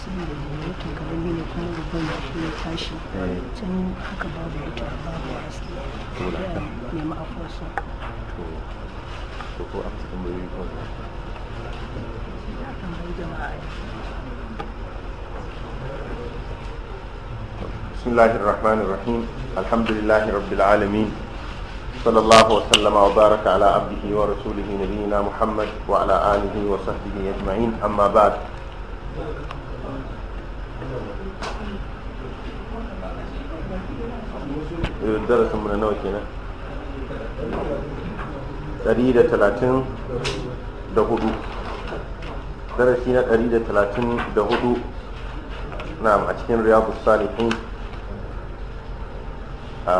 saboda motar karami ne kuma babban da shi ya tashi can haka babu wuta babu haske ya nemi afuwarsa to ko amsa tambayoyi ko ya tambayi jama'a بسم الله الرحمن الرحيم الحمد لله رب العالمين صلى الله وسلم وبارك على عبده ورسوله نبينا محمد وعلى آله وصحبه أجمعين أما بعد darasin muna nawa kenan 134 darasi na 134 na a cikin riyadu salihin a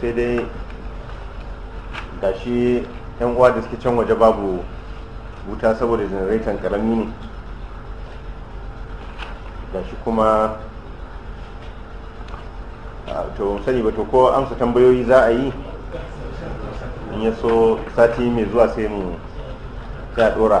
sai dai shi yan uwa da suke can waje babu wuta saboda janaraitan karami ne gashi kuma to sani ba to ko amsa tambayoyi za a yi in ya so sati mai zuwa sai mu za a dora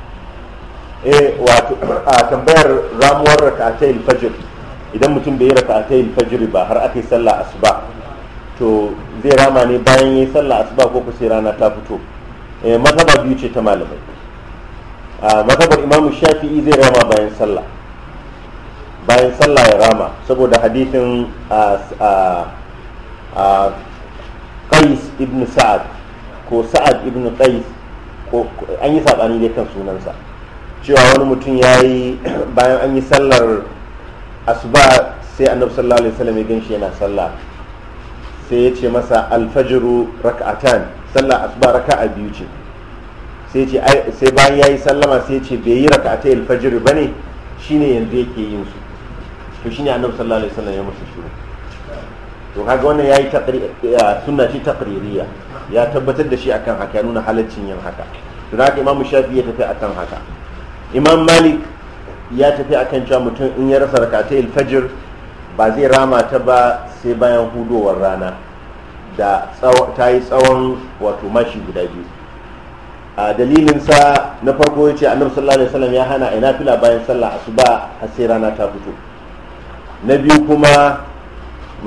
e wato a tambayar ramuwar raka'atayil fajr idan mutum bai yi rakatai fajr ba har aka yi sallah asuba to zai rama ne bayan yi sallah asuba ko kusa rana ta fito eh biyu ce ta malamai a mazhabar imamu shafi'i zai rama bayan sallah bayan sallah ya rama saboda hadithin a qais ibn sa'ad ko sa'ad ibn qais an yi sabani dai kan sunansa cewa wani mutum ya yi bayan an yi sallar asuba sai annabi sallallahu alaihi wasallam ya ganshi yana sallah sai ya ce masa alfajiru raka'atan sallar asuba raka'a biyu ce sai ce sai bayan yayi sallama sai ce bai yi ba ne bane shine yanzu yake yin su to shine annabi sallallahu alaihi wasallam ya musu shiru to kaga wannan yayi sunna ce taqririya ya tabbatar da shi akan haka ya nuna halaccin yin haka to haka imamu shafi ya tafi akan haka imam malik ya tafi akan cewa mutum in ya rasa rakata ilfajir ba zai rama ta ba sai bayan hudowar rana da ta yi tsawon wato mashi guda biyu a dalilinsa na farko ya ce annabi sallallahu alaihi wasallam ya hana ina fila bayan sallah asuba har sai rana ta fito na biyu kuma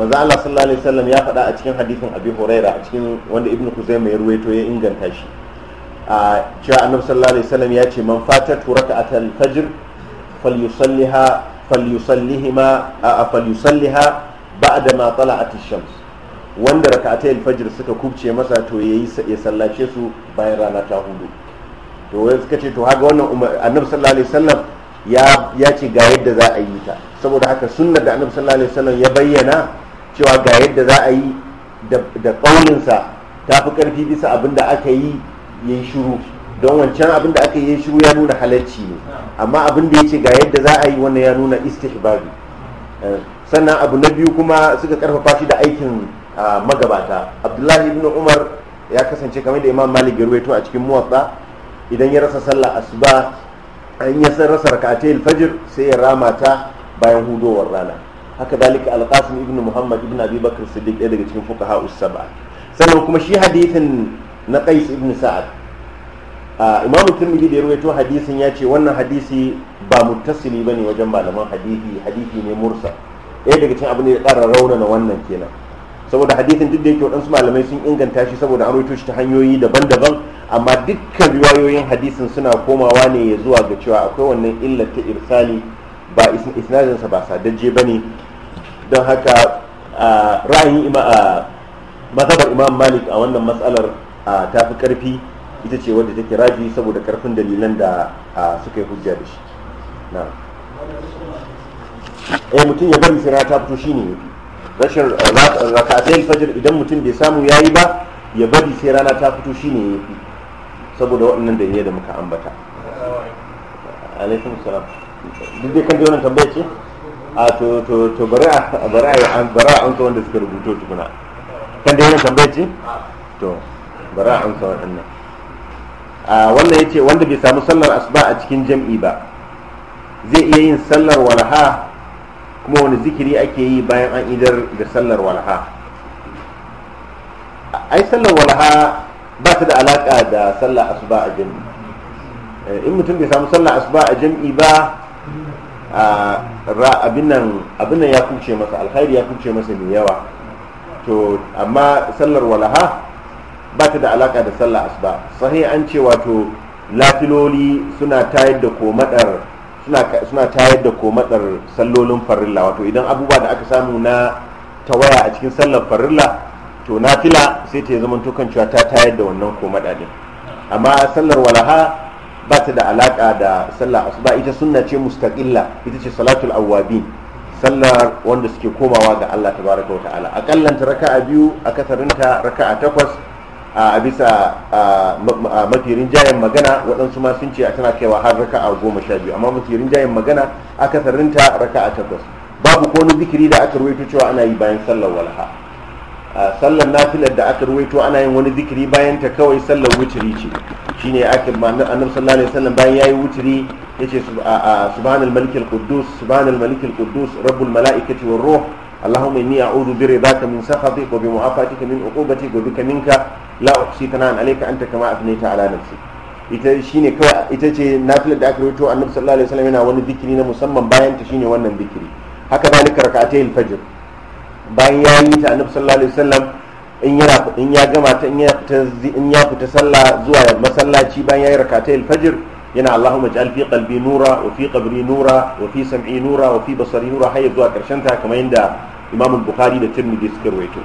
maza Allah sallallahu alaihi wasallam ya faɗa a cikin hadisin Abi Huraira a cikin wanda Ibn Kuzaima ya ruwaito ya inganta shi a cewa annabi sallallahu alaihi wasallam ya ce man fatatu raka'atal fajr falyusalliha falyusallihima a falyusalliha ba'da ma tala'at ash-shams wanda raka'atai al-fajr suka kubce masa to yayi ya sallace su bayan rana ta hudu to wai suka ce to haka wannan annabi sallallahu alaihi wasallam ya ya ce ga yadda za a yi ta saboda haka sunnar da annabi sallallahu alaihi wasallam ya bayyana cewa ga yadda za a yi da kaulinsa ta fi karfi bisa abin da aka yi yin shiru shuru don wancan abin da aka yi shiru ya nuna halarci ne amma abin da ya ce ga yadda za a yi wannan ya nuna istihbabi eh, sannan abu na biyu kuma suka karfafa shi da aikin ah, magabata abdullahi ibn umar ya kasance kamar da imam malik ya ruwaito a cikin muwatsa idan ya rasa sallah asuba an ya san rasa rakatai alfajir sai ya rama ta bayan hudowar rana haka dalika alqasim ibn muhammad ibn abi bakr siddiq ɗaya daga cikin fuqaha us sannan kuma shi hadithin na qais ibn sa'ad imamu tirmidhi da ya hadisin ya ce wannan hadisi ba muttasili ne wajen malaman hadisi hadisi ne mursa ɗaya daga cikin abu da ya ƙara raunana wannan kenan saboda hadisin duk da yake waɗansu malamai sun inganta shi saboda an rawaito ta hanyoyi daban-daban amma dukkan riwayoyin hadisin suna komawa ne ya zuwa ga cewa akwai wannan illar ta irsali ba isnadinsa ba sadajje ba ne don haka ra'ayin mazhabar imam malik a wannan matsalar ta fi karfi ita ce wadda take raji saboda karfin dalilan da suka yi hujja da shi na eh mutum ya bari sai ta fito shine yafi rashin eh, raka'atul fajr idan mutum bai samu yayi ba ya bari sai rana ta fito shine yafi saboda waɗannan da dalilai da muka ambata alaikum salam duk dai kan wannan tambaya ce a to to to bari a bari a an wanda suka rubuto tukuna kan dai wannan tambaya ce to bari a amsa waɗannan wannan ya ce wanda bai samu sallar asuba a cikin jam'i ba zai iya yin sallar walha kuma wani zikiri ake yi bayan an idar da sallar walha ai sallar walha ba ta da alaƙa da sallar asuba a jam'i eh, in mutum bai samu sallar asuba a jam'i ba abin nan ya kuce masa alkhairi ya kuce masa mai yawa to amma sallar walaha ba ta da alaka da sallah asuba sahi an ce wato lafiloli suna tayar da komadar suna tayar da komadar sallolin farilla wato idan abubuwa da aka samu na tawaya a cikin sallar farilla to nafila sai ta zama tukan cewa ta tayar da wannan komada din amma sallar walaha ba ta da alaka da sallar asuba ita sunna ce mustaqilla ita ce salatul awwabin sallar wanda suke komawa ga Allah tabaraka wa ta'ala akallanta raka raka'a biyu a akasarinta raka'a takwas a bisa mafi rinjayen magana waɗansu ma sun ce a tana kaiwa har raka a goma sha biyu amma mafi rinjayen magana akasarinta raka a takwas babu ko wani zikiri da aka ruwaito cewa ana yi bayan sallar walha sallar nafilar da aka ruwaito ana yin wani zikiri bayan ta kawai sallar wuturi ce shine ake annabi sallallahu alaihi wasallam bayan yayi wuturi yace subhanal malikil quddus subhanal malikil quddus rabbul malaikati war ruh اللهم اني اعوذ برضاك من سخطك وبمعافاتك من عقوبتك وبك منك la uqsi tana alayka anta kama afnayta ala nafsi ita shine kawai ita ce nafilar da aka rawaito annabi sallallahu alaihi wasallam yana wani zikiri na musamman bayan ta shine wannan zikiri haka zalika rak'atay al-fajr bayan ya yi ta annabi sallallahu alaihi wasallam in yana in ya gama ta in ya fita in ya fita sallah zuwa masallaci bayan ya yi rak'atay al-fajr yana Allahumma ij'al fi qalbi nura wa fi qabri nura wa fi sam'i nura wa fi basari nura hayya zuwa karshen ta kamar yadda Imam Bukhari da Tirmidhi suka rawaito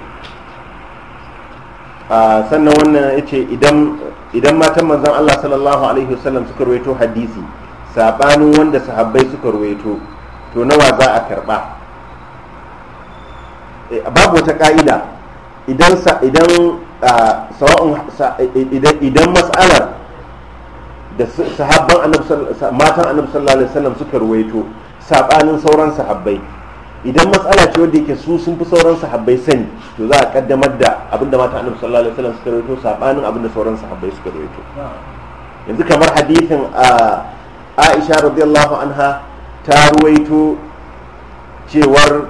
Ah, sannan wannan ya ce idan matan manzan Allah sallallahu alaihi wasallam suka ruwaito hadisi saɓanin wanda sahabbai suka ruwaito to nawa za a karɓa eh, babu wata ƙa'ida idan idan ah, matsalar da sahabban matan annabi sallallahu alaihi wasallam suka ruwaito saɓanin sauran sahabbai idan matsala ce wanda yake su sun fi sauran sahabbai sani to za a kaddamar da abinda mata annabi sallallahu alaihi wasallam suka rawaito sabanin abinda sauran sahabbai suka rawaito yanzu kamar hadithin a Aisha radiyallahu anha ta ruwaito cewar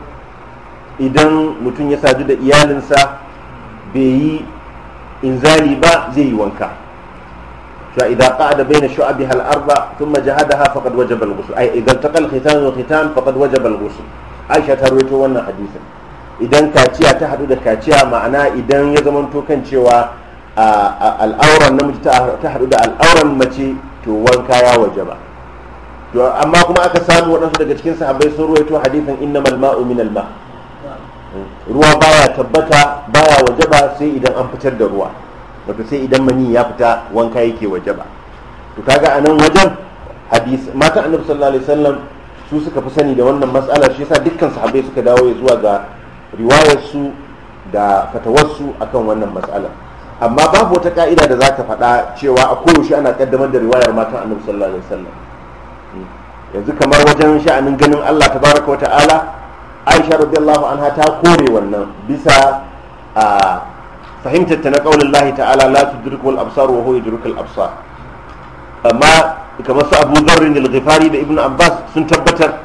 idan mutum ya sadu da iyalinsa bai yi inzali ba zai yi wanka cewa idan qa'ada baina shu'abiha al-arba thumma jahadaha faqad wajaba al-ghusl ay idan taqal khitan wa khitan faqad wajaba al-ghusl aisha ta rawaito wannan hadisin idan kaciya ta hadu da kaciya ma'ana idan ya zama to kan cewa al'auran namiji ta hadu da al'auran mace to wanka ya waje ba to amma kuma aka samu waɗansu daga cikin sahabbai sun ruwaito hadisin innamal ma'u minal ma ruwa baya tabbata baya waje ba sai idan an fitar da ruwa wato sai idan mani ya fita wanka yake waje ba to kaga anan wajen hadis mata annabi sallallahu alaihi wasallam su suka fi sani da wannan matsala shi yasa dukkan sahabbai suka dawo ya zuwa ga riwayarsu da fatawarsu akan wannan matsala amma babu wata ka'ida da za ka faɗa cewa a koyaushe ana kaddamar da riwayar matan annabi sallallahu alaihi wasallam hmm. yanzu kamar wajen sha'anin ganin Allah tabaraka wata'ala Aisha radiyallahu anha ta kore wannan bisa a fahimtar ta na qaulin Allah ta'ala la tudrikul absar wa huwa yudrikul absar amma kamar su abu zarrin da lagifari da ibn abbas sun tabbatar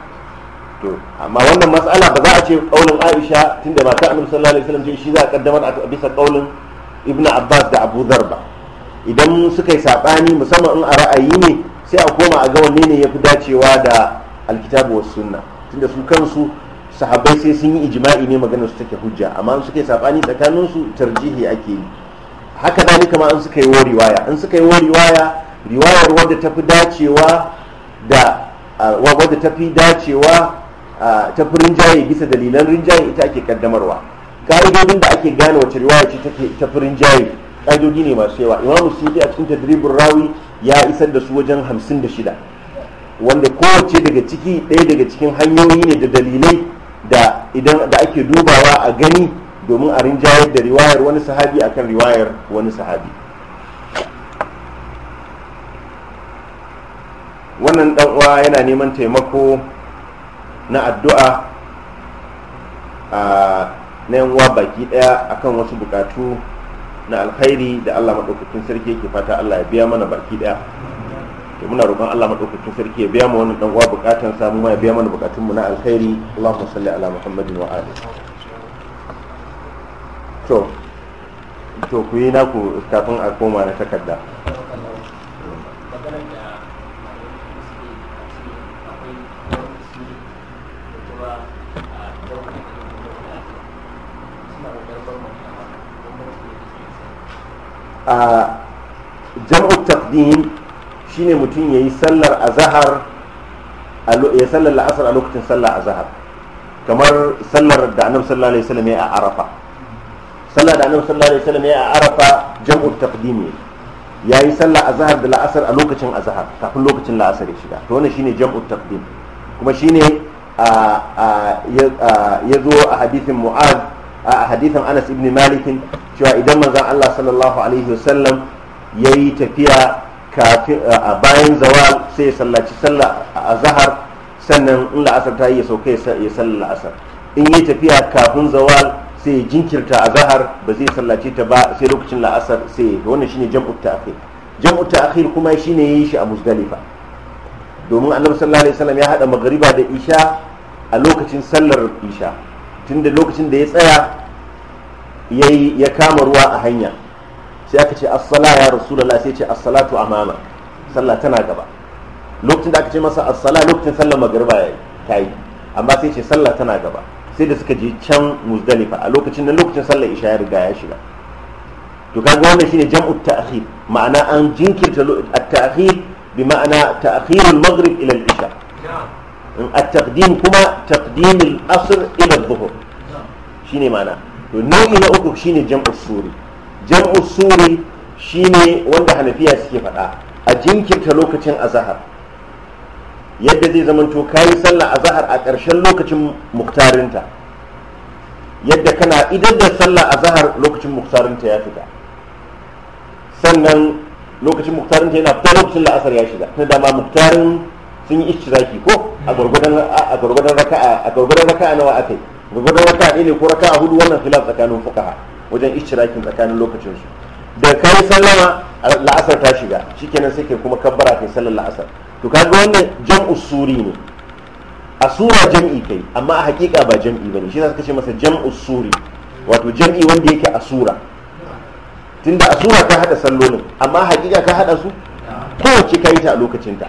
to amma wannan matsala ba za a ce kaulin aisha tunda mata amur sallallahu alaihi wasallam shi za a kaddamar a bisa kaulin ibn abbas da abu zar ba idan suka yi sabani musamman in a ra'ayi ne sai a koma a ga wanne ne ya fi dacewa da alkitabu was sunna tunda su kansu sahabbai sai sun yi ijma'i ne maganar su take hujja amma in suka yi sabani tsakaninsu tarjihi ake yi haka dalika ma in suka yi wariwaya in suka yi wariwaya riwayar wadda ta fi dacewa da wadda ta fi dacewa ta fi rinjaye bisa dalilan rinjaye ita ake kaddamarwa ka'idodin da ake gane wace riwaya ce ta fi rinjaye ka'idodi ne masu yawa imamu sudi a cikin tadribin rawi ya isar da su wajen hamsin da shida wanda kowace daga ciki ɗaya daga cikin hanyoyi ne da dalilai da idan da ake dubawa a gani domin a rinjayar da riwayar wani sahabi akan riwayar wani sahabi wannan dan uwa yana neman taimako na addu'a na yan uwa baki daya akan wasu bukatu na alkhairi da Allah madaukakin sarki yake fata Allah ya biya mana baki daya to muna roƙon Allah madaukakin sarki ya biya mu wannan dan uwa bukatun sa mu ya biya mana bukatun mu na alkhairi Allahumma salli ala Muhammadin wa ali to to ku yi naku kafin a koma na takarda a jam'u taqdim shine mutum yayi sallar azhar ya sallar la'asar a lokacin sallar azhar kamar sallar da annabi sallallahu alaihi wasallam ya a arafa sallar da annabi sallallahu alaihi wasallam ya a arafa jam'u taqdim yayi sallar azhar da la'asar a lokacin azhar kafin lokacin la'asar ya shiga to wannan shine jam'u taqdim kuma shine a ya zo a hadithin mu'az a hadithin anas ibn malikin cewa idan manzon Allah sallallahu alaihi wasallam yi tafiya a bayan zawal sai ya sallaci sallah a zahar sannan in la'asar ta yi ya sauka ya sallar la'asar in yi tafiya kafin zawal sai ya jinkirta a zahar ba zai sallace ta ba sai lokacin la'asar sai ya wannan shine jam'u ta'khir jam'u ta'khir kuma shi ne ya yi shi a musdalifa domin annabi sallallahu alaihi wasallam ya hada magariba da isha a lokacin sallar isha tunda lokacin da ya tsaya yayi ya kama ruwa a hanya sai aka ce assala ya rasulullah sai ce assalatu salatu amama sallah tana gaba lokacin da aka ce masa assala lokacin sallar magriba yayi tayi amma sai ce sallah tana gaba sai da suka je can muzdalifa a lokacin nan lokacin sallar isha ya riga ya shiga to kaga wannan shine jam'u ta'khir ma'ana an jinkirta at-ta'khir bi ma'ana ta'khir al-maghrib ila al-isha at-taqdim kuma taqdim al-asr ila al dhuhr shine ma'ana to nau'i na uku shine jam'u suri jam'u suri shine wanda hanafiya suke faɗa a jinkirta lokacin azahar yadda zai to kayi sallah azahar a ƙarshen lokacin muktarinta yadda kana idan da sallah azahar lokacin muktarinta ya fita sannan lokacin muktarinta yana fita lokacin la'asar ya shiga ta dama muktarin sun yi ishtiraki ko a raka'a a gwargwadon raka'a nawa aka yi da wata ne ko raka a hudu wannan filaf tsakanin fukaha wajen ishtirakin tsakanin lokacinsu? su da kai sallama la'asar ta shiga shikenan sai ke kuma kabbara kai sallar la'asar to ka ga wannan jam'u suri ne a sura jam'i kai amma a hakika ba jam'i bane shi suka ce masa jam'u suri wato jam'i wanda yake a sura tunda a sura ka hada sallolin amma a hakika ka hada su kowace ka yi ta a lokacinta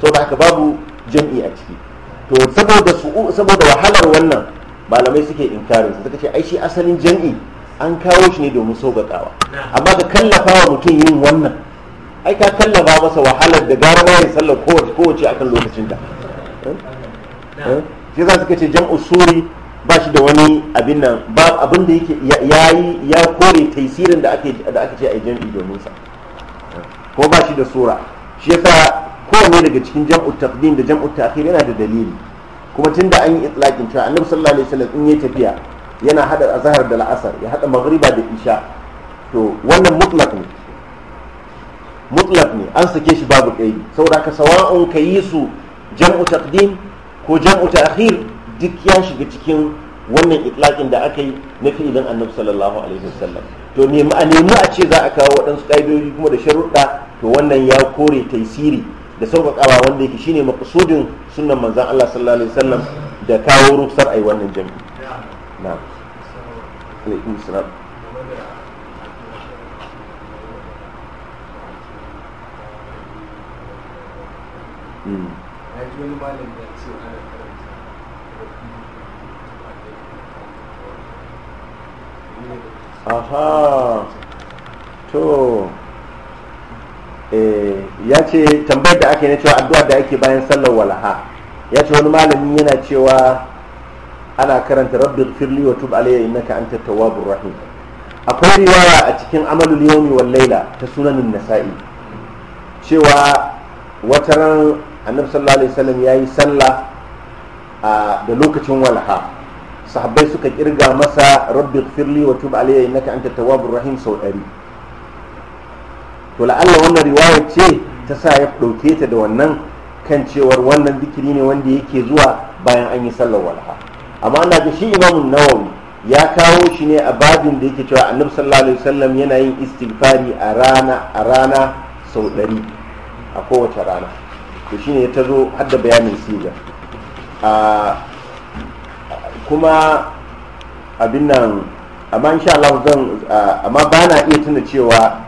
saboda haka babu jam'i a ciki to saboda wahalar wannan malamai suke inkarin suka ce ai shi asalin jam'i an kawo shi ne domin sauƙaƙawa amma ka kallafa wa mutum yin wannan ai ka kallafa masa wahalar da gara bayan sallar kowace akan lokacin da eh? eh? shi za su ce jam'u suri ba shi da wani abin nan ba abin da yake ya ya kore taisirin da ake aka ce a jam'i domin sa eh? ko ba shi da sura shi yasa kowane daga cikin jam'u taqdim da jam'u ta'khir yana da dalili kuma tun da an yi itlaqin cewa annabi sallallahu alaihi wasallam in ya tafiya yana hada azhar da la'asar ya hada maghriba da isha to wannan mutlaq ne mutlaq ne an sake shi babu kai saboda ka sawa'un kayi su jam'u taqdim ko jam'u ta'khir duk ya shiga cikin wannan itlaqin da aka yi na fi'ilin annabi sallallahu alaihi wasallam to ne a nemi a ce za a kawo waɗansu ƙa'idoji kuma da sharuɗa to wannan ya kore taisiri da sauƙaƙawa wanda yake shine maqsudin sunnan manzon Allah sallallahu alaihi wasallam da kawo ruksar ai wannan jami'i na'am alaikum salam hmm. Aha. To. Eh, ya ce tambayar da aka yi na cewa addu'a da ake bayan sallar walaha ya ce wani malami yana cewa ana karanta rabbi firli wa tub alayya innaka anta tawwabur rahim akwai riwaya a cikin amalul yawmi wal laila ta sunanin nasa'i cewa wata ran annabi sallallahu alaihi wasallam yayi sallah da lokacin walaha sahabbai suka kirga masa rabbi firli wa tub alayya innaka anta tawwabur rahim sau 100 to la'alla wannan riwaya ce ta sa ya ɗauke ta da wannan kan cewar wannan zikiri ne wanda yake zuwa bayan an yi sallar walha amma ana ga shi imamun nawawi ya kawo shi ne a babin da yake cewa annabi sallallahu alaihi wasallam yana yin istighfari a rana a rana sau ɗari a kowace rana to shine ta zo har da bayanin siga kuma abin nan amma insha Allah zan amma ba na iya tuna cewa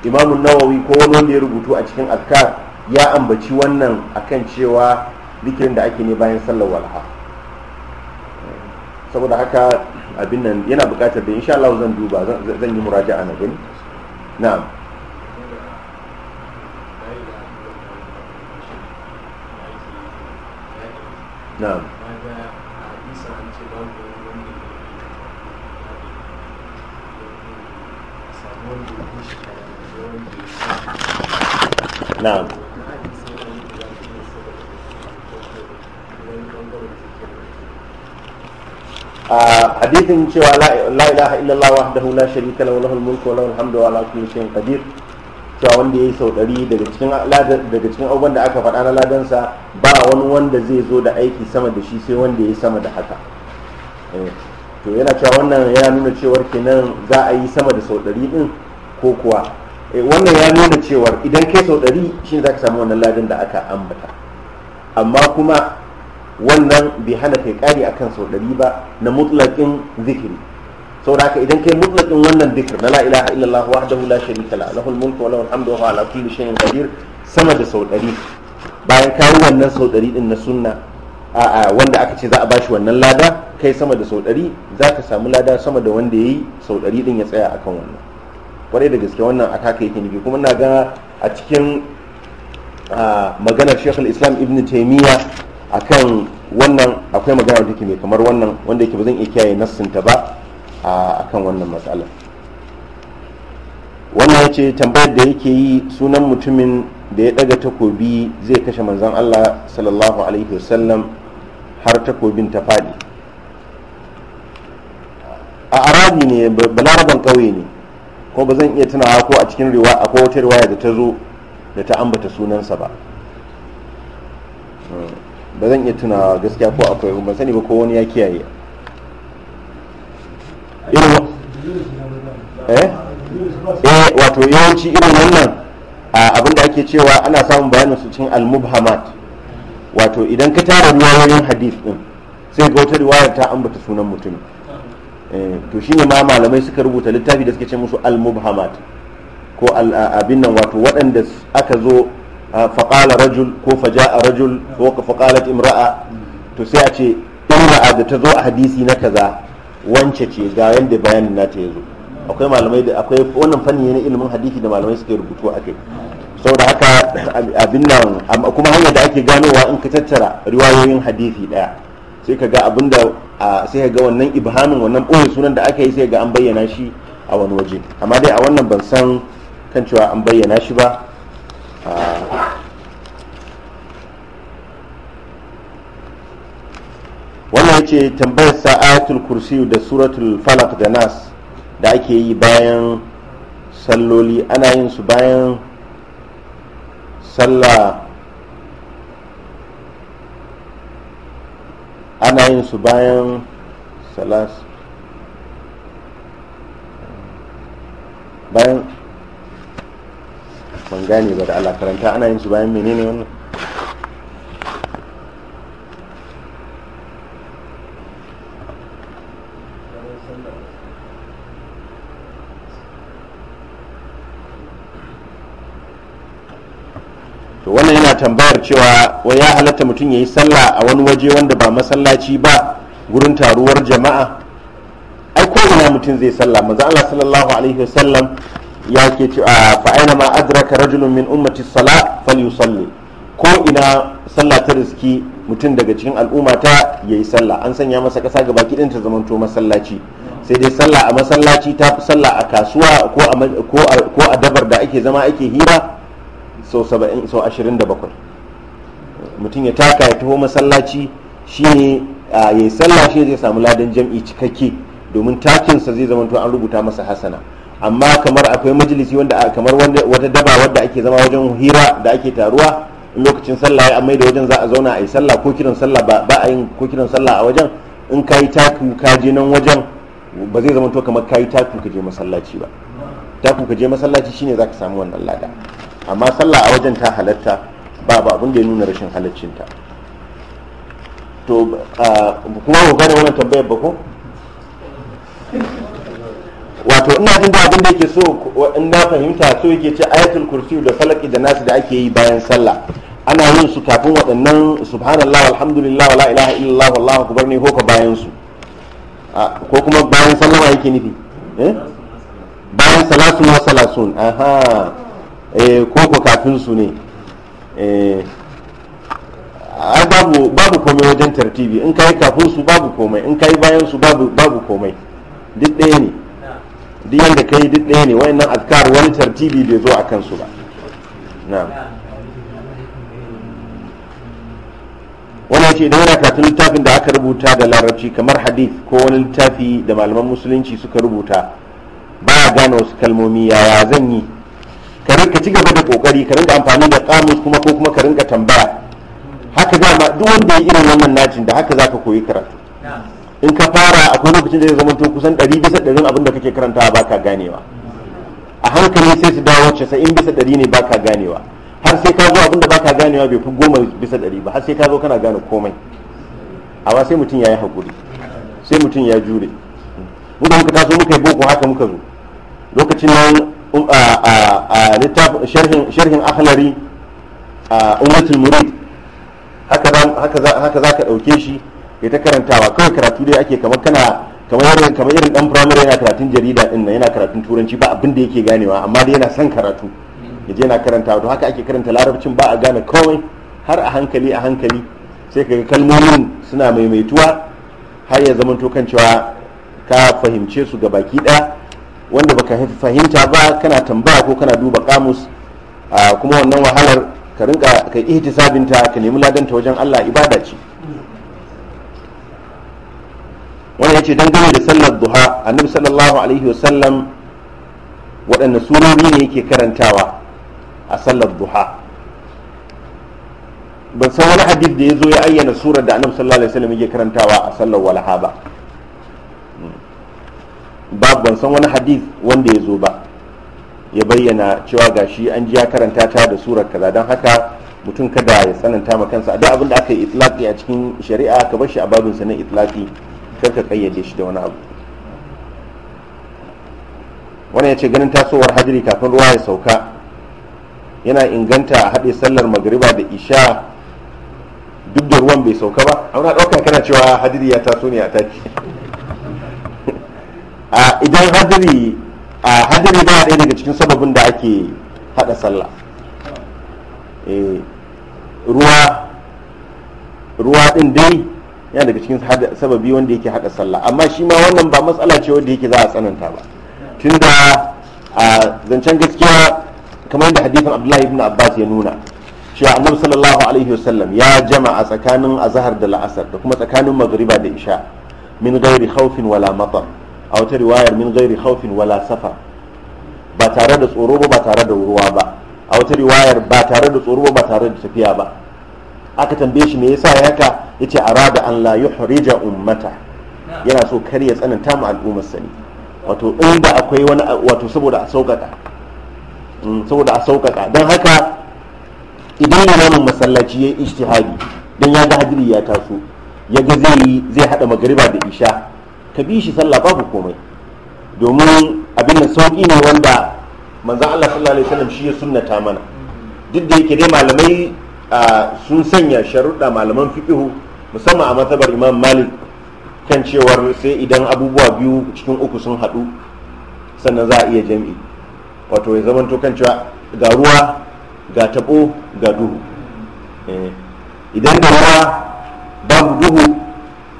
imamu nawawi ko wani wanda ya rubutu a cikin azkar ya ambaci wannan akan cewa zikirin da ake ne bayan sallar walha saboda haka abin nan yana bukatar da insha Allah zan duba zan yi muraja'a na gani na'am na'am Thank you. na'am ah, hadithin cewa la ilaha illallah wahdahu la sharika lahu lahul mulku wa lahul hamdu wa ala kulli shay'in qadir cewa wanda yayi sau 100 daga cikin daga cikin abubuwan da aka faɗa na ladan sa ba wani wanda zai zo da aiki sama da shi sai wanda yayi sama da haka eh, to yana cewa wannan yana nuna cewar kenan za a yi sama da sau 100 din ko kuwa Eh, wannan ya nuna cewa idan kai sau ɗari shi ne za ka samu wannan ladan da aka ambata amma kuma wannan bai hana kai ƙari akan sau ɗari ba na mutlaƙin zikiri saboda haka idan kai mutlaƙin wannan zikir na la ilaha illallah wahdahu la sharika la lahul mulku wa lahul hamdu wa ala kulli shay'in qadir sama da sau ɗari bayan kayi wannan sau ɗari din na sunna a wanda aka ce za a bashi wannan lada kai sama da sau ɗari za ka samu lada sama da wanda ya yi sau ɗari din ya tsaya akan wannan kwarai da gaske wannan ataka yake nufi kuma na ga a cikin maganar shekul islam ibn taimiyya akan wannan akwai magana da mai kamar wannan wanda yake ba zan iya kiyaye nassinta ba akan wannan matsala wannan ya ce tambayar da yake yi sunan mutumin da ya daga takobi zai kashe manzan allah sallallahu alaihi wasallam har takobin ta faɗi a arabi ne balaraban ƙauye ne ko ba zan iya tunawa ko a cikin riwaya ko wata riwaya da ta zo da ta ambata sunansa ba hmm. ba zan iya tunawa gaskiya ko akwai ban sani ba ko wani ya kiyaye eh? eh wato yawanci irin wannan abin da ake cewa ana samun bayanin su cikin al-mubhamat wato idan ka tara riwayoyin hadith din sai ga wata riwaya ta ambata sunan mutumin Eh, to ne ma malamai suka rubuta littafi da suke ce musu al-mubhamat ko abin nan wato waɗanda aka zo faƙala rajul ko a rajul ko faƙalat imra'a to sai a ce imra'a da ta zo a hadisi na kaza wance ce ga yadda bayanin na ya zo akwai malamai da akwai wannan fanni na ilimin hadisi da malamai suke rubutu a kai saboda haka abin nan kuma hanyar da ake ganowa in ka tattara riwayoyin hadisi ɗaya sai ka ga da sai ka ga wannan ibhamin wannan ɓoye sunan da aka yi sai ga an bayyana shi a wani waje amma dai a wannan ban san kan cewa an bayyana shi ba wannan ya ce tambayar sa'atul kursi da suratul falak da nas da ake yi bayan salloli ana yin su bayan sallah ana yin su bayan salas bayan ban gane ba da ala karanta ana yin su bayan menene wannan to wannan yana tambayar cewa wai ya halatta mutum ya yi sallah a wani waje wanda masallaci ba gurin taruwar jama'a ai ko ina mutum zai sallah manzo Allah sallallahu alaihi wasallam ya ke ce ah, fa aina ma adraka rajulun min ummati salat falyusalli ko ina sallah ta riski mutum daga cikin al'umma ta yayi sallah an sanya masa kasa ga baki ta to masallaci sai dai sallah a masallaci ta fi sallah a kasuwa ko a dabar da ake zama ake hira sau 27 mutum ya taka ya taho masallaci shine a yi sallah shi zai samu ladan jam'i cikakke domin takinsa zai zama an rubuta masa hasana amma kamar akwai majalisi wanda kamar wata daba wadda ake zama wajen hira da ake taruwa in lokacin sallah ya amai da wajen za a zauna a yi sallah ko kiran sallah ba a yin ko kiran sallah a wajen in ka yi taku ka je nan wajen ba zai zama to kamar ka yi taku ka je masallaci ba taku ka je masallaci shine za ka samu wannan lada amma sallah a wajen ta halatta ba ba abin da ya nuna rashin halaccinta to kuma ku gane wannan tambayar ba ko wato ina jin da abin da yake so in na fahimta so yake ce ayatul kursi da falaki da nasu da ake yi bayan sallah ana yin su kafin waɗannan subhanallah alhamdulillah wala ilaha illallah wallahu akbar ne ko ka bayan su ko kuma bayan sallama yake nufi eh? bayan salasun wa salasun aha eh, ko ko kafin su ne eh babu babu komai wajen tartibi in kai kafin su babu komai in kai bayan su babu babu komai duk ɗaya ne duk yanda kai duk ɗaya ne wayannan azkar wani tartibi bai zo a kansu ba na'am ya ce idan yana katin littafin da aka rubuta da larabci kamar hadith ko wani littafi da malaman musulunci suka rubuta a gane wasu kalmomi yaya zan yi ka ci gaba da kokari ka rinka amfani da kamus kuma ko kuma ka rinka tambaya haka ma duk wanda ya irin wannan najin da haka za ka koyi karatu in ka fara akwai lokacin da ya zama to kusan 100 bisa 100 abin da kake karanta ba ka ganewa a hankali sai su dawo in bisa 100 ne ba ka ganewa har sai ka zo abin da ka ganewa bai fi goma bisa 100 ba har sai ka zo kana gane komai amma sai mutum ya yi hakuri sai mutum ya jure muka muka taso muka yi boko haka muka zo lokacin nan um, a littafin sharhin akhlari a ummatul murid haka za ka ɗauke shi ya ta karantawa kawai karatu dai ake kamar kana kamar irin kamar irin dan primary yana karatun jarida din nan yana karatun turanci ba abin da yake ganewa amma dai yana son karatu ya je yana karantawa to haka ake karanta larabcin ba a gane komai har a hankali a hankali sai ka ga kalmomin suna maimaituwa har ya zama kan cewa ka fahimce su baki ɗaya wanda baka fahimta ba kana tambaya ko kana duba kamus kuma wannan wahalar ka rinka ka ihtisabin sabinta ka nemi ladanta wajen Allah ibada ce wannan yace dangane da sallar duha annabi sallallahu alaihi wa sallam waɗanne surori ne yake karantawa a sallar duha ban san wani hadith da ya zo ya ayyana surar da annabi sallallahu alaihi wa sallam yake karantawa a sallar walaha ba ban san wani hadith wanda ya zo ba ya bayyana cewa gashi an ji ya karanta ta da surar kaza don haka mutum kada ya tsananta ma kansa da abin da aka yi itlaqi a cikin shari'a ka bar shi a babin na itlaqi kar ka kayyade shi da wani abu wani ya ce ganin tasowar hajjiri kafin ruwa ya sauka yana inganta a haɗe sallar magariba da isha duk da ruwan bai sauka ba a wani ɗaukar kana cewa hajjiri ya taso ne a taki a idan hajjiri a hadari ba ɗaya daga cikin sababin da ake hada sallah eh, ruwa ruwa din dai yana daga cikin sababi wanda yake hada sallah amma shi ma wannan ba matsala ce wanda yake za a tsananta ba tunda a zancen gaskiya kamar yadda hadifin abdullahi ibn abbas ya nuna cewa annabi sallallahu alaihi wasallam ya jama'a tsakanin azhar da la'asar da kuma tsakanin magriba da isha min gairi khawfin wala matar a wata riwayar min gairi haufin wala safa ba tare da tsoro ba tare da ruwa ba a wata riwayar ba tare da tsoro ba tare da tafiya ba aka tambaye shi me yasa ya haka yace arada an la yuhrija ummata yana so kar ya tsananta mu al'ummar sani wato inda akwai wani wato saboda a sauƙaƙa mm, saboda a sauƙaƙa don haka idan imamin masallaci ya yi ijtihadi don ya ga hadiri ya taso ya ga zai zai haɗa magariba da isha ka bi shi sallah babu komai domin abin da sauƙi ne wanda manzan Allah sallallahu alaihi wasallam shi ya sunnata mana duk da yake dai malamai sun sanya sharuɗa malaman fiqihu musamman a matsabar imam malik kan cewar sai idan abubuwa biyu cikin uku sun haɗu sannan za a iya jam'i wato ya zamanto kan cewa ga ruwa ga taɓo ga duhu eh, idan da ruwa babu duhu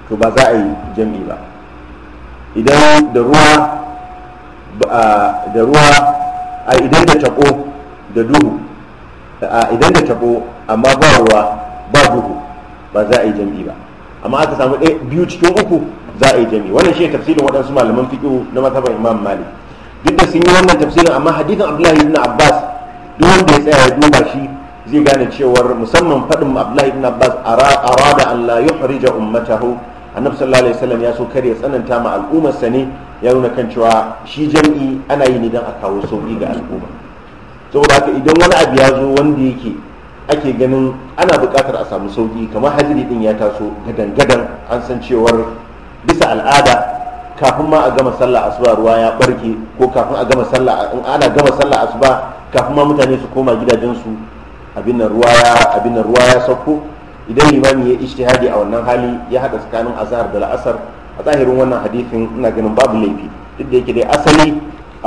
to ba za a yi jam'i ba idan da ruwa da ruwa a idan da tabo da duhu a idan da tabo amma ba ruwa ba duhu ba za a yi jam'i ba amma aka samu biyu cikin uku za a yi jam'i wannan shi tafsirin waɗansu malaman fiƙo na mazhaban imam malik duk da sun yi wannan tafsirin amma hadithin abdullahi ibn abbas duk wanda ya tsaya ya duba shi zai gane cewar musamman faɗin abdullahi ibn abbas arada an la yuhrija ummatahu annabi sallallahu alaihi wasallam ya so kar ya tsananta ma al'ummar sa ne ya nuna kan cewa shi jam'i ana yi ne dan a kawo sauki ga al'umma saboda haka idan wani abu ya zo wanda yake ake ganin ana buƙatar a samu sauki kamar hadiri din ya taso gadan-gadan an san cewar bisa al'ada kafin ma a gama sallah asuba ruwa ya barke ko kafin a gama sallah ana gama sallah asuba kafin ma mutane su koma gidajensu abin nan ruwa ya abin nan ruwa ya sauko idan limami ya ijtihadi a wannan hali ya haɗa tsakanin azhar da la'asar a zahirin wannan hadisin ina ganin babu laifi duk da yake dai asali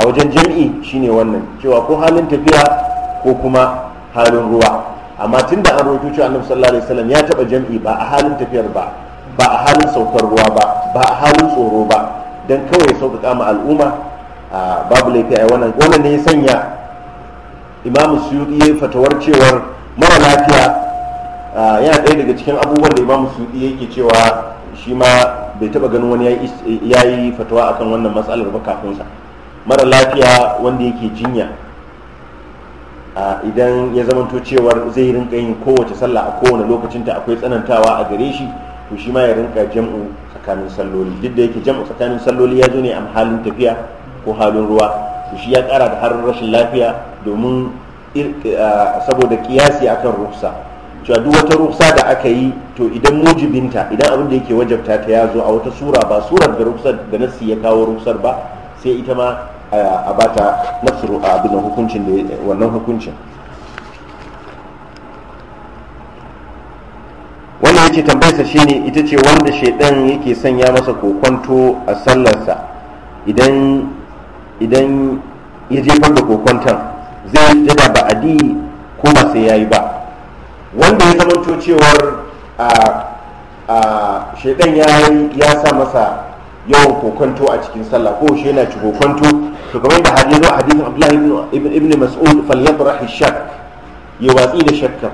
a wajen jam'i shine wannan cewa ko halin tafiya ko kuma halin ruwa amma tunda an rawaito cewa annabi sallallahu alaihi wasallam ya taba jami'i ba a halin tafiyar ba ba a halin saukar ruwa ba ba a halin tsoro ba dan kawai ya sauƙaƙa ma al'umma babu laifi a wannan wannan ne ya sanya imamu suyuti ya yi fatawar cewar mara lafiya Ah, yana ɗaya daga cikin abubuwan da imamu suɗi yake cewa shi ma bai taɓa ganin wani ya yi fatawa akan wannan matsalar ba sa mara lafiya wanda yake jinya ah, idan ya zamanto cewar zai rinka yin kowace sallah a kowane lokacin ta akwai tsanantawa a gare shi to shi ma ya rinka jam'u tsakanin salloli duk da yake jam'u tsakanin salloli ya zo ne a halin tafiya ko halin ruwa to shi ya kara da har rashin lafiya domin ah, saboda kiyasi akan rufsa cewa duk wata ruksa da aka yi to idan mujibinta idan abin da yake wajabta ta ya zo a wata sura ba surar da ruksar da nasi ya kawo ruksar ba sai ita ma a ta nafsu a abin hukuncin da wannan hukuncin wannan yake tambayarsa shine ita ce wanda shaidan yake sanya masa kokonto a sallarsa idan idan ya jefar da kokonton zai jada ba adi ko ba sai ya yi ba wanda ya zamanto cewar a shaidan ya sa masa yawan kokonto a cikin sallah ko shi yana ci kokonto to kamar da hadisi zo a hadisin Abdullahi ibn ibn Mas'ud falyabrah shak ya watsi da shakka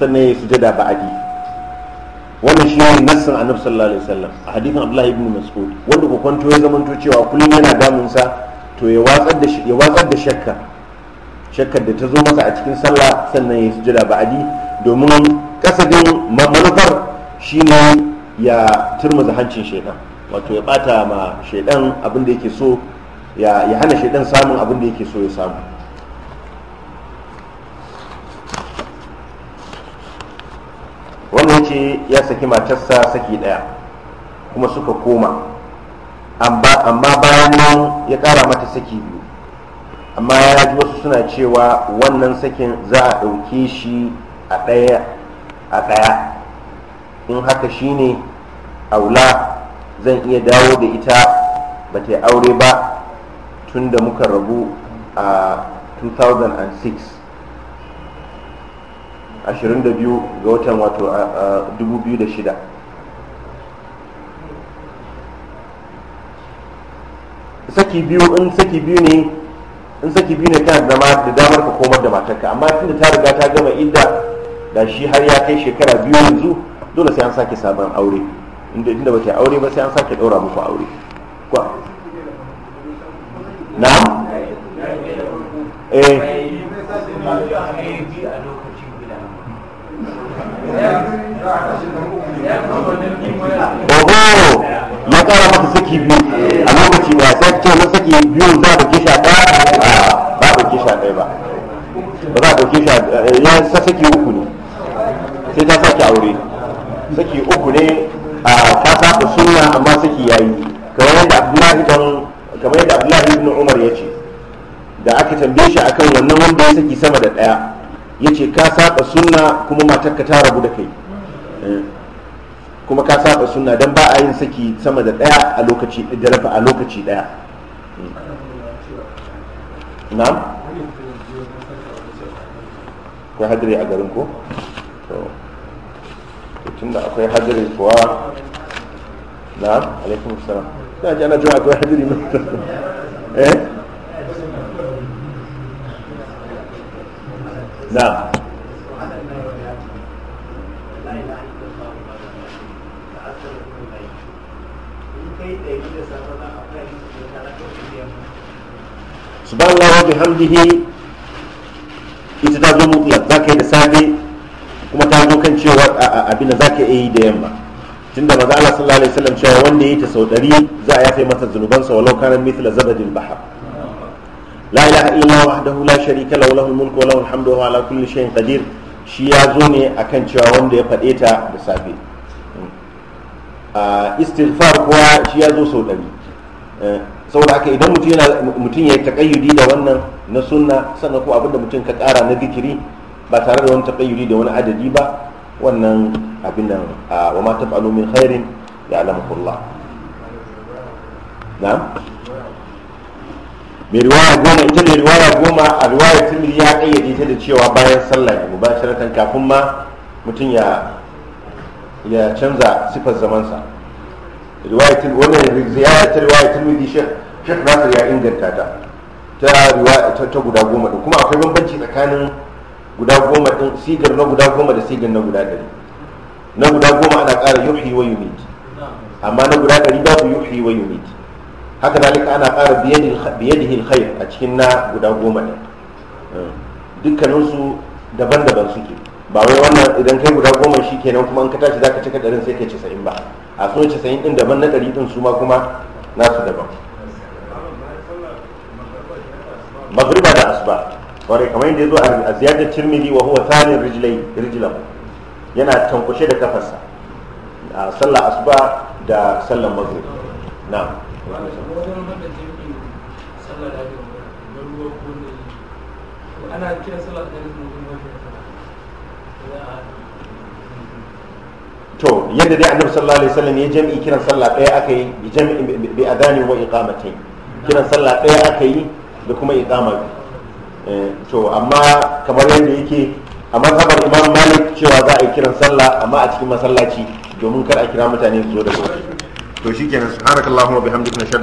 sannan ya sujada ba'adi wannan shi ne nassin Annabi sallallahu alaihi wasallam a hadisin Abdullahi ibn Mas'ud wanda kokonto ya zamanto cewa kullum yana damun sa to ya watsar da ya watsar da shakka shakkar da ta zo masa a cikin sallah sannan ya sujada ba'adi domin kasadin manufar ne ya turmuza hancin shaidan wato ya bata ma shaidan abin da yake so ya hana shaidan samun abin da yake so ya samu wannan ce ya saki matarsa saki daya kuma suka koma amma bayan nan ya kara mata saki biyu amma ya ji wasu suna cewa wannan sakin za a ɗauke shi a ɗaya a ɗaya in haka shine aula zan iya dawo da ita ba ta aure ba tun da muka rabu a 2006 22 ga watan wato 2006 saki biyu in saki biyu ne in saki biyu ne tana zama da damar ka komar da matarka amma tun da ta riga ta gama idda da shi har ya kai shekara biyu yanzu dole sai an sake sabon aure inda inda ba ta aure ba sai an sake ɗaura muku aure kwa na eh oho ya kara masa saki biyu a lokaci ba sai ce na saki biyu za a dauke shi ɗaya ba a dauke shi ɗaya ba ba za a dauke shi a ya saki uku ne sai ta sake aure saki uku ne a ta saka suna amma saki yayi kamar yadda abdullahi ibn kamar yadda abdullahi ibn umar ya ce da aka tambaye shi akan wannan wanda ya saki sama da daya ya ce ka saka suna kuma matarka ta rabu da kai eh, kuma ka saka suna don ba a yin saki sama da daya a lokaci da a lokaci daya hmm. na'am ko hadari a garin ko tunda akwai hadari kuwa na'am alaikum salam na ji ana cewa akwai hadari mai eh na'am subhanallah wa bihamdihi abin da za ka yi da yamma tunda maza Allah sallallahu alaihi wasallam cewa wanda ya yi ta sau ɗari za a yafe masa zunubansa walau kana mithla zabadil bahar la ilaha illa wahdahu la sharika lahu lahul mulku wa lahul hamdu wa ala kulli shay'in qadir shi ya zo ne akan cewa wanda ya faɗe ta da safe istighfar kuwa shi ya zo sau ɗari saboda haka idan mutum ya yi taƙayyudi da wannan na sunna sannan ko abinda mutum ka ƙara na zikiri ba tare da wani taƙayyudi da wani adadi ba wannan abin nan a wa ma taf'alu min khairin ya'lamuhu Allah na mai riwaya goma ita mai riwaya goma a riwaya tirmidhi ya kayyade ta da cewa bayan sallah ne mubasharatan kafin ma mutum ya ya canza sifar zamansa riwaya wannan ziyara ta riwaya tirmidhi shek nasir ya inganta ta ta ta guda goma din kuma akwai bambanci tsakanin guda goma ɗin sigar na guda goma da sigar na guda ɗari na guda goma ana ƙara yuhi wa yumit amma na guda ɗari babu yuhi wa yumit haka zalika ana ƙara biyadihi alkhair a cikin na guda goma ɗin eh, dukkaninsu daban-daban suke ba wai wannan idan kai guda goma shi kenan kuma an ka tashi zaka cika ɗarin sai kai casa'in ba a so casa'in ɗin daban na ɗari ɗin su ma kuma nasu daban magriba da asuba kwarai kamar yadda ya zo a ziyarar tirmidhi wa huwa thanin rijlai rijlahu yana tankushe da kafarsa a sallar asuba da sallar maghrib na'am ana kiran sallar to yadda dai annabi sallallahu alaihi wasallam ya jami'i kiran sallah ɗaya aka yi bi jami'i bi adani wa iqamatin kiran sallah ɗaya aka yi da kuma iqama Eh, to amma kamar yadda yake a mazhabar imam malik cewa za a yi kiran sallah amma a cikin masallaci domin kar a kira mutane su zo da su to shikenan subhanakallahumma bihamdika nashhadu